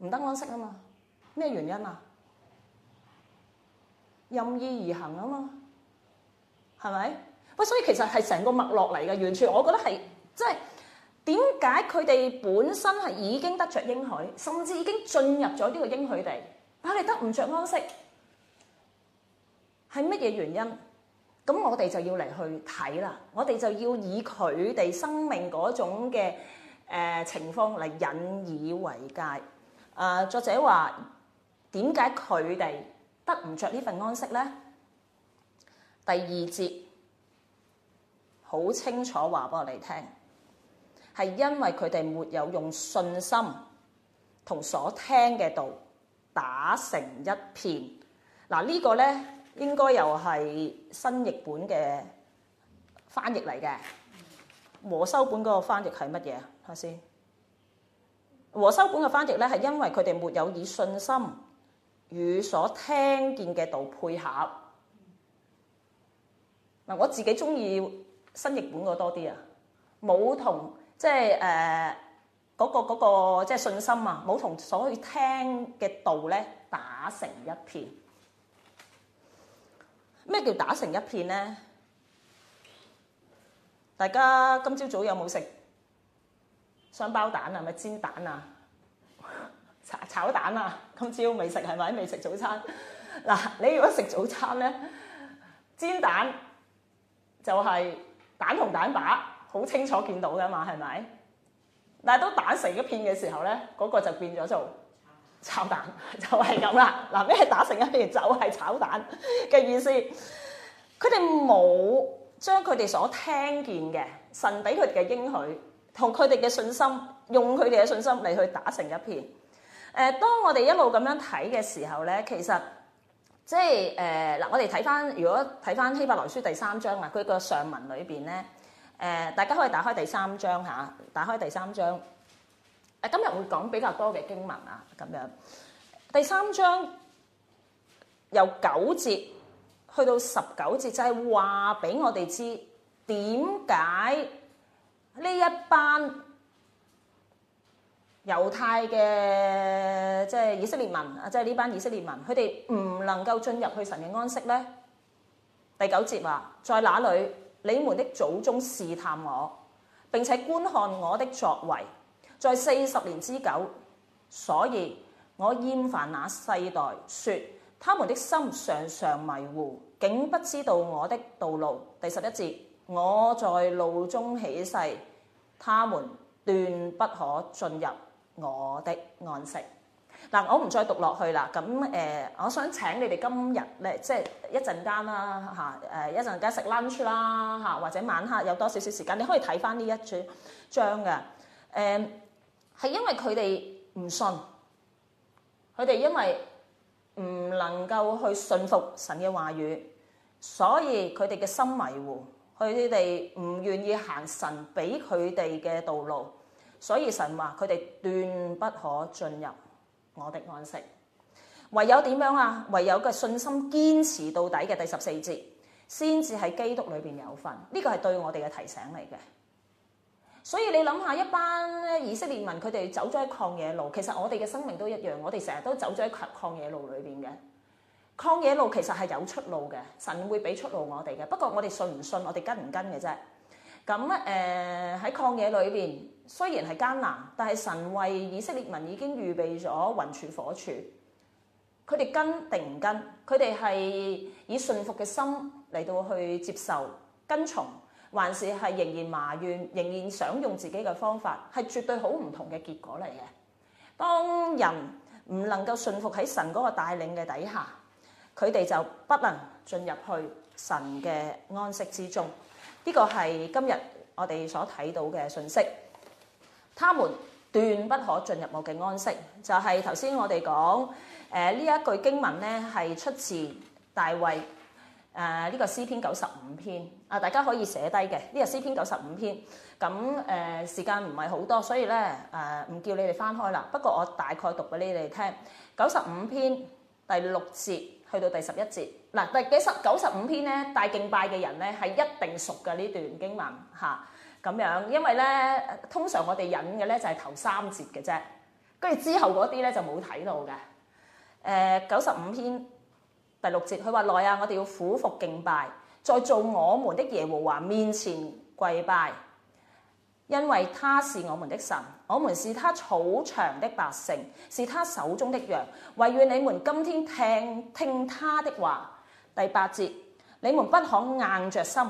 唔得安息啊嘛？咩原因啊？任意而行啊嘛？係咪？喂，所以其實係成個脈絡嚟嘅，完全我覺得係即係點解佢哋本身係已經得着應許，甚至已經進入咗呢個應許地，但係得唔着安息係乜嘢原因？咁我哋就要嚟去睇啦，我哋就要以佢哋生命嗰種嘅誒、呃、情況嚟引以為戒。啊！作者話：點解佢哋得唔着份呢份安息咧？第二節好清楚話俾我哋聽，係因為佢哋沒有用信心同所聽嘅道打成一片。嗱、這個、呢個咧應該又係新譯本嘅翻譯嚟嘅。和修本嗰個翻譯係乜嘢？睇下先。和修本嘅翻譯咧，係因為佢哋沒有以信心與所聽見嘅道配合。嗱，我自己中意新譯本個多啲啊，冇同即係誒嗰個嗰個即係信心啊，冇同所去聽嘅道咧打成一片。咩叫打成一片咧？大家今朝早有冇食？雙包蛋係咪煎蛋啊，炒炒蛋啊！今朝未食係咪？未食早餐？嗱， 你如果食早餐咧，煎蛋就係蛋同蛋白，好清楚見到㗎嘛，係咪？但係打成一片嘅時候咧，嗰、那個就變咗做炒蛋， 就係咁啦。嗱咩打成一片就係、是、炒蛋嘅意思？佢哋冇將佢哋所聽見嘅神俾佢哋嘅應許，同佢哋嘅信心，用佢哋嘅信心嚟去打成一片。誒、呃，當我哋一路咁樣睇嘅時候咧，其實即係誒嗱，我哋睇翻如果睇翻希伯來書第三章啊，佢個上文裏邊咧，誒、呃、大家可以打開第三章嚇，打開第三章。誒、呃，今日會講比較多嘅經文啊，咁樣第三章由九節去到十九節，就係話俾我哋知點解。呢一班猶太嘅即係以色列民，即係呢班以色列民，佢哋唔能夠進入去神嘅安息咧。第九節話，在哪裏你們的祖宗試探我，並且觀看我的作為，在四十年之久，所以我厭煩那世代，說他們的心常常迷糊，竟不知道我的道路。第十一節，我在怒中起誓。他們斷不可進入我的安息。嗱，我唔再讀落去啦。咁誒、呃，我想請你哋今日誒，即係一陣間啦嚇，誒一陣間食 lunch 啦嚇，或者晚黑有多少少時間，你可以睇翻呢一章嘅誒，係、呃、因為佢哋唔信，佢哋因為唔能夠去信服神嘅話語，所以佢哋嘅心迷糊。佢哋唔願意行神俾佢哋嘅道路，所以神話佢哋斷不可進入我的安息。唯有點樣啊？唯有嘅信心堅持到底嘅第十四節，先至喺基督裏邊有份。呢個係對我哋嘅提醒嚟嘅。所以你諗下一班以色列民佢哋走咗喺曠野路，其實我哋嘅生命都一樣，我哋成日都走咗喺曠野路裏邊嘅。曠野路其實係有出路嘅，神會俾出路我哋嘅。不過我哋信唔信，我哋跟唔跟嘅啫。咁誒喺曠野裏邊雖然係艱難，但係神為以色列民已經預備咗雲柱火柱。佢哋跟定唔跟？佢哋係以信服嘅心嚟到去接受跟從，還是係仍然埋怨，仍然想用自己嘅方法，係絕對好唔同嘅結果嚟嘅。當人唔能夠信服喺神嗰個帶領嘅底下，佢哋就不能進入去神嘅安息之中，呢個係今日我哋所睇到嘅信息。他們斷不可進入我嘅安息，就係頭先我哋講誒，呢一句經文咧，係出自大衛誒呢個詩篇九十五篇啊。大家可以寫低嘅呢個詩篇九十五篇。咁誒時間唔係好多，所以咧誒唔叫你哋翻開啦。不過我大概讀俾你哋聽九十五篇第六節。去到第十一節，嗱第九十、九十五篇咧，帶敬拜嘅人咧係一定熟嘅呢段經文嚇，咁樣，因為咧通常我哋引嘅咧就係頭三節嘅啫，跟住之後嗰啲咧就冇睇到嘅。誒、呃、九十五篇第六節，佢話：來啊，我哋要俯伏敬拜，在造我們的耶和華面前跪拜。因為他是我們的神，我們是他草場的百姓，是他手中的羊。惟願你們今天聽聽他的話。第八節，你們不可硬着心，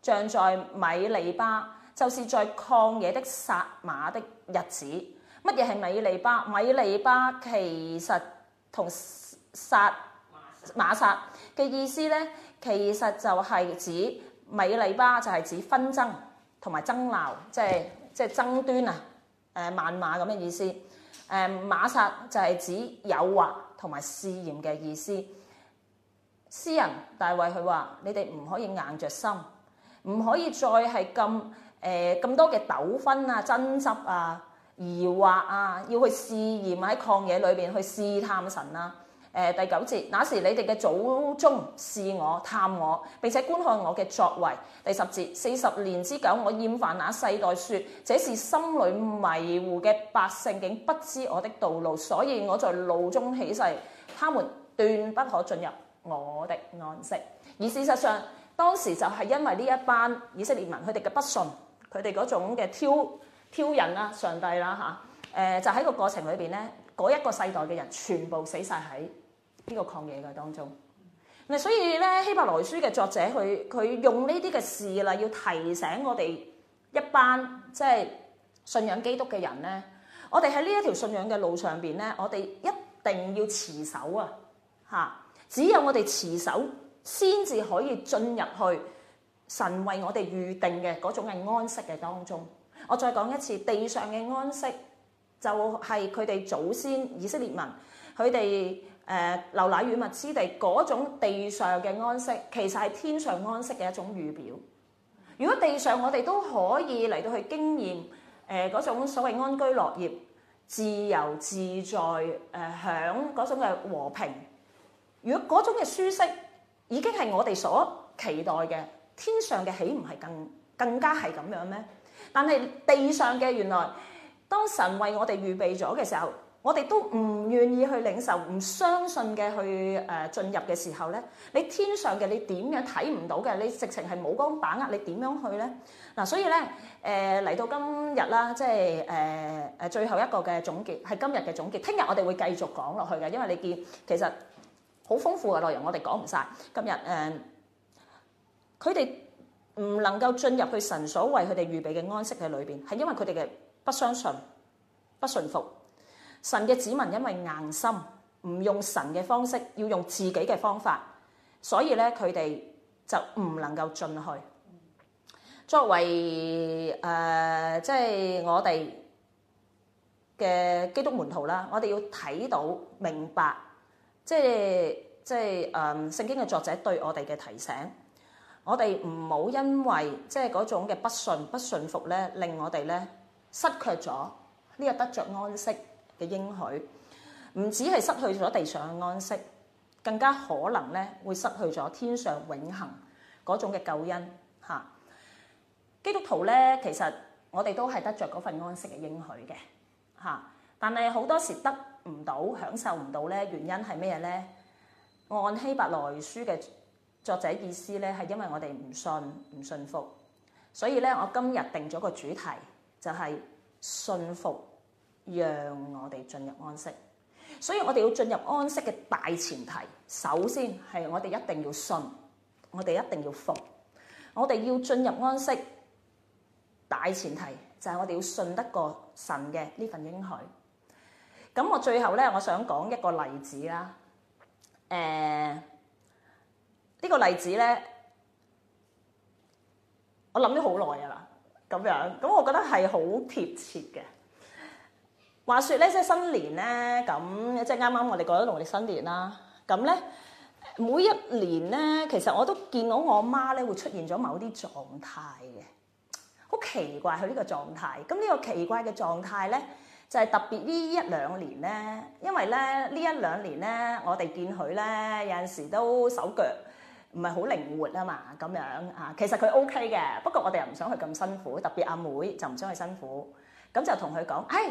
像在米利巴，就是在曠野的殺馬的日子。乜嘢係米利巴？米利巴其實同殺馬殺嘅意思呢，其實就係指米利巴就係指紛爭。同埋爭鬧，即係即係爭端啊！誒、呃，謾罵咁嘅意思。誒、呃，馬撒就係指誘惑同埋試驗嘅意思。詩人大衛佢話：你哋唔可以硬着心，唔可以再係咁誒咁多嘅糾紛啊、爭執啊、疑惑啊，要去試驗喺曠野裏邊去試探神啊！誒、第九節，那時你哋嘅祖宗試我、探我，並且觀看我嘅作為。第十節，四十年之久，我厭煩那世代，説這是心裏迷糊嘅百姓，竟不知我的道路，所以我在路中起誓，他們斷不可進入我的安息。而事實上，當時就係因為呢一班以色列民佢哋嘅不順，佢哋嗰種嘅挑挑釁啦、啊、上帝啦、啊、嚇，誒、呃、就喺個過程裏邊咧，嗰一個世代嘅人全部死晒喺。呢個抗嘢嘅當中，嗱，所以咧希伯來書嘅作者佢佢用呢啲嘅事啦，要提醒我哋一班即係信仰基督嘅人咧，我哋喺呢一條信仰嘅路上邊咧，我哋一定要持守啊！嚇，只有我哋持守，先至可以進入去神為我哋預定嘅嗰種嘅安息嘅當中。我再講一次，地上嘅安息就係佢哋祖先以色列民佢哋。誒流奶與蜜之地嗰種地上嘅安息，其實係天上安息嘅一種預表。如果地上我哋都可以嚟到去經驗誒嗰種所謂安居樂業、自由自在、誒、呃、享嗰種嘅和平，如果嗰種嘅舒適已經係我哋所期待嘅，天上嘅豈唔係更更加係咁樣咩？但係地上嘅原來，當神為我哋預備咗嘅時候。我哋都唔願意去領受，唔相信嘅去誒進、呃、入嘅時候咧，你天上嘅你點樣睇唔到嘅？你直情係冇光把握，你點樣去咧？嗱、啊，所以咧誒嚟到今日啦，即係誒誒最後一個嘅總結係今日嘅總結。聽日我哋會繼續講落去嘅，因為你見其實好豐富嘅內容，我哋講唔晒。今日誒。佢哋唔能夠進入佢神所為佢哋預備嘅安息嘅裏邊，係因為佢哋嘅不相信、不信服。神嘅子民，因為硬心唔用神嘅方式，要用自己嘅方法，所以咧佢哋就唔能夠進去。作為誒，即係我哋嘅基督門徒啦，我哋要睇到明白，即係即係誒聖經嘅作者對我哋嘅提醒，我哋唔好因為即係嗰種嘅不信不信服咧，令我哋咧失卻咗呢個得著安息。嘅應許，唔只係失去咗地上嘅安息，更加可能咧會失去咗天上永恆嗰種嘅救恩嚇。基督徒咧，其實我哋都係得著嗰份安息嘅應許嘅嚇，但係好多時得唔到，享受唔到咧，原因係咩咧？按希伯來書嘅作者意思咧，係因為我哋唔信唔信服，所以咧我今日定咗個主題就係信服。讓我哋進入安息，所以我哋要進入安息嘅大前提，首先係我哋一定要信，我哋一定要服，我哋要進入安息大前提就係、是、我哋要信得過神嘅呢份應許。咁我最後咧，我想講一個例子啦。誒、呃，呢、這個例子咧，我諗咗好耐㗎喇，咁樣，咁我覺得係好貼切嘅。話說咧，即係新年咧，咁即係啱啱我哋過咗農曆新年啦。咁咧，每一年咧，其實我都見到我媽咧會出現咗某啲狀態嘅，好奇怪佢呢個狀態。咁呢個奇怪嘅狀態咧，就係特別呢一兩年咧，因為咧呢一兩年咧，我哋見佢咧有陣時都手腳唔係好靈活啊嘛，咁樣啊，其實佢 OK 嘅，不過我哋又唔想佢咁辛苦，特別阿妹就唔想佢辛苦，咁就同佢講，哎。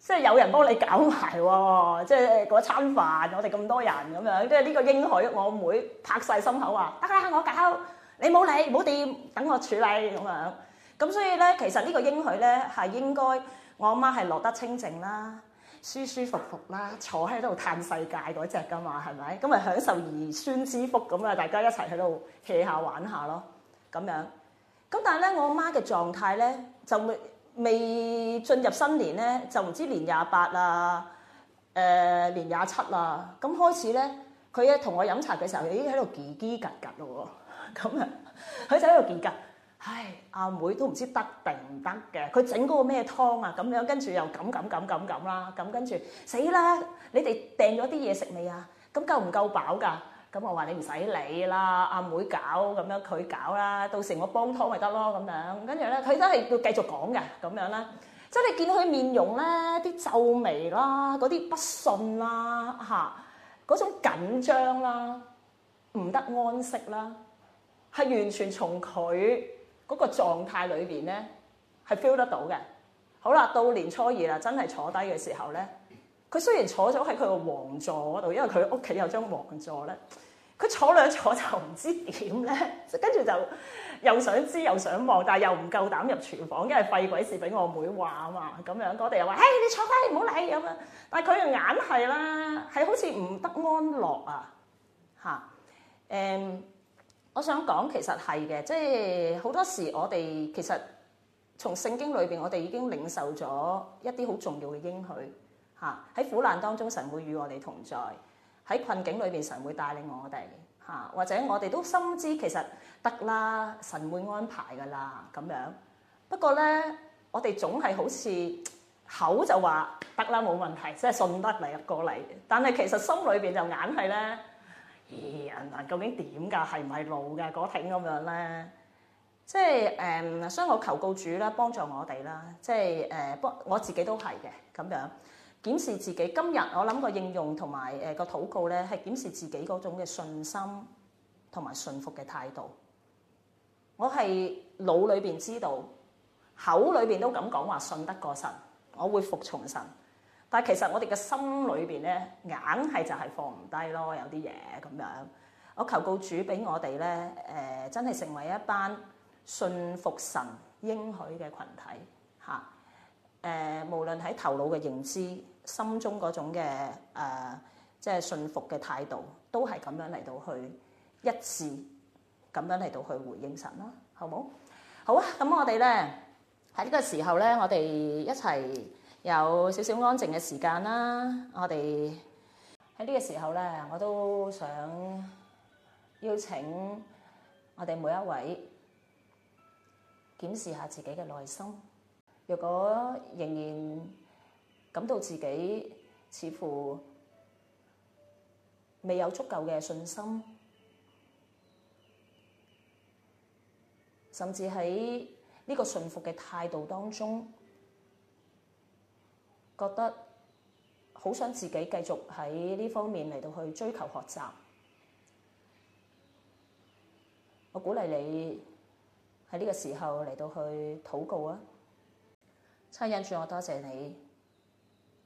即係有人幫你搞埋喎，即係嗰餐飯，我哋咁多人咁樣，即係呢個應許我妹拍晒心口話得啦，我搞你冇理冇掂，等我處理咁樣。咁所以咧，其實呢個應許咧係應該我阿媽係落得清靜啦，舒舒服服啦，坐喺度嘆世界嗰隻㗎嘛，係咪？咁咪享受兒孫之福咁啊！大家一齊喺度 hea 下玩下咯，咁樣。咁但係咧，我阿媽嘅狀態咧就會。未進入新年咧，就唔知年廿八啦，誒、呃、年廿七啦，咁開始咧，佢咧同我飲茶嘅時候，咦喺度嘰嘰格格咯喎，咁啊，佢、嗯、就喺度嘰格。唉，阿妹都唔知得定唔得嘅，佢整嗰個咩湯啊咁樣，跟住又咁咁咁咁咁啦，咁跟住死啦，你哋訂咗啲嘢食未啊？咁夠唔夠飽㗎？咁我話你唔使理啦，阿妹搞咁樣佢搞啦，到時我幫拖咪得咯咁樣。跟住咧，佢都係要繼續講嘅咁樣啦。即係你見到佢面容咧，啲皺眉啦，嗰啲不信啦，嚇嗰種緊張啦，唔得安息啦，係完全從佢嗰個狀態裏邊咧係 feel 得到嘅。好啦，到年初二啦，真係坐低嘅時候咧。佢雖然坐咗喺佢個王座嗰度，因為佢屋企有張王座咧，佢坐兩坐就唔知點咧，跟住就又想知又想望，但係又唔夠膽入廚房，因為廢鬼事俾我妹話啊嘛，咁樣嗰啲、那個、又話，唉、hey，你坐低唔好嚟咁樣。但係佢嘅眼係啦，係好似唔得安樂啊，嚇。誒，我想講其實係嘅，即係好多時我哋其實從聖經裏邊，我哋已經領受咗一啲好重要嘅應許。嚇，喺苦難當中，神會與我哋同在；喺困境裏邊，神會帶領我哋嚇。或者我哋都深知其實得啦，神會安排㗎喇咁樣。不過咧，我哋總係好似口就話得啦，冇問題，即係信得嚟過嚟。但係其實心裏邊就硬係咧咦呀嗱，究竟點㗎？係唔係路㗎嗰挺咁樣咧？即係誒，所以我求告主啦，幫助我哋啦。即係誒，幫我自己都係嘅咁樣。檢視自己，今日我諗個應用同埋誒個禱告咧，係檢視自己嗰種嘅信心同埋信服嘅態度。我係腦裏邊知道，口裏邊都咁講話信得過神，我會服從神。但係其實我哋嘅心裏邊咧，硬係就係放唔低咯，有啲嘢咁樣。我求告主俾我哋咧，誒真係成為一班信服神應許嘅羣體嚇。誒無論喺頭腦嘅認知，心中嗰種嘅誒，即係信服嘅態度，都係咁樣嚟到去一致，咁樣嚟到去回應神啦，好冇？好啊！咁我哋咧，喺呢個時候咧，我哋一齊有少少安靜嘅時間啦。我哋喺呢個時候咧，我都想邀請我哋每一位檢視下自己嘅內心，若果仍然，感到自己似乎未有足夠嘅信心，甚至喺呢個順服嘅態度當中，覺得好想自己繼續喺呢方面嚟到去追求學習。我鼓勵你喺呢個時候嚟到去禱告啊！親人主，我多謝你。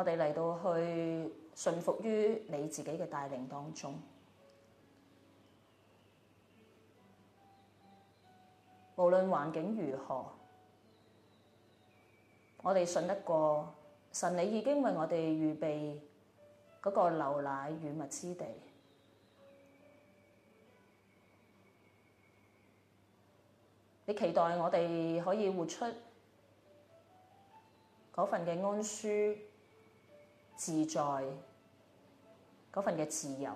我哋嚟到去信服於你自己嘅帶領當中，無論環境如何，我哋信得過神。你已經為我哋預備嗰個流奶與蜜之地，你期待我哋可以活出嗰份嘅安舒。自在嗰份嘅自由，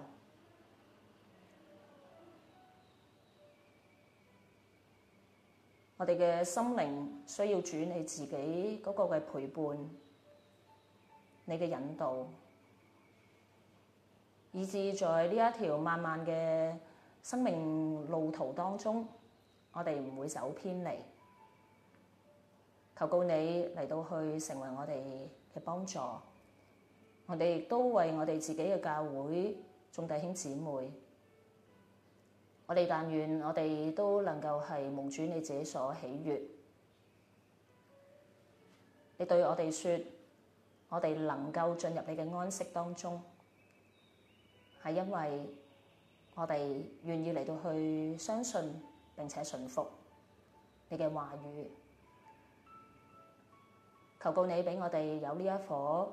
我哋嘅心靈需要主你自己嗰個嘅陪伴，你嘅引導，以致在呢一條漫漫嘅生命路途當中，我哋唔會走偏離。求告你嚟到去成為我哋嘅幫助。我哋亦都為我哋自己嘅教會眾弟兄姊妹，我哋但願我哋都能夠係蒙主你自己所喜悅。你對我哋說，我哋能夠進入你嘅安息當中，係因為我哋願意嚟到去相信並且順服你嘅話語。求告你畀我哋有呢一顆。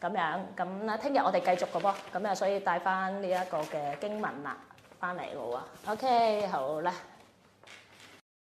咁樣咁啦，聽日我哋繼續個噃，咁啊，所以帶翻呢一個嘅經文啦，翻嚟嘅喎。OK，好啦。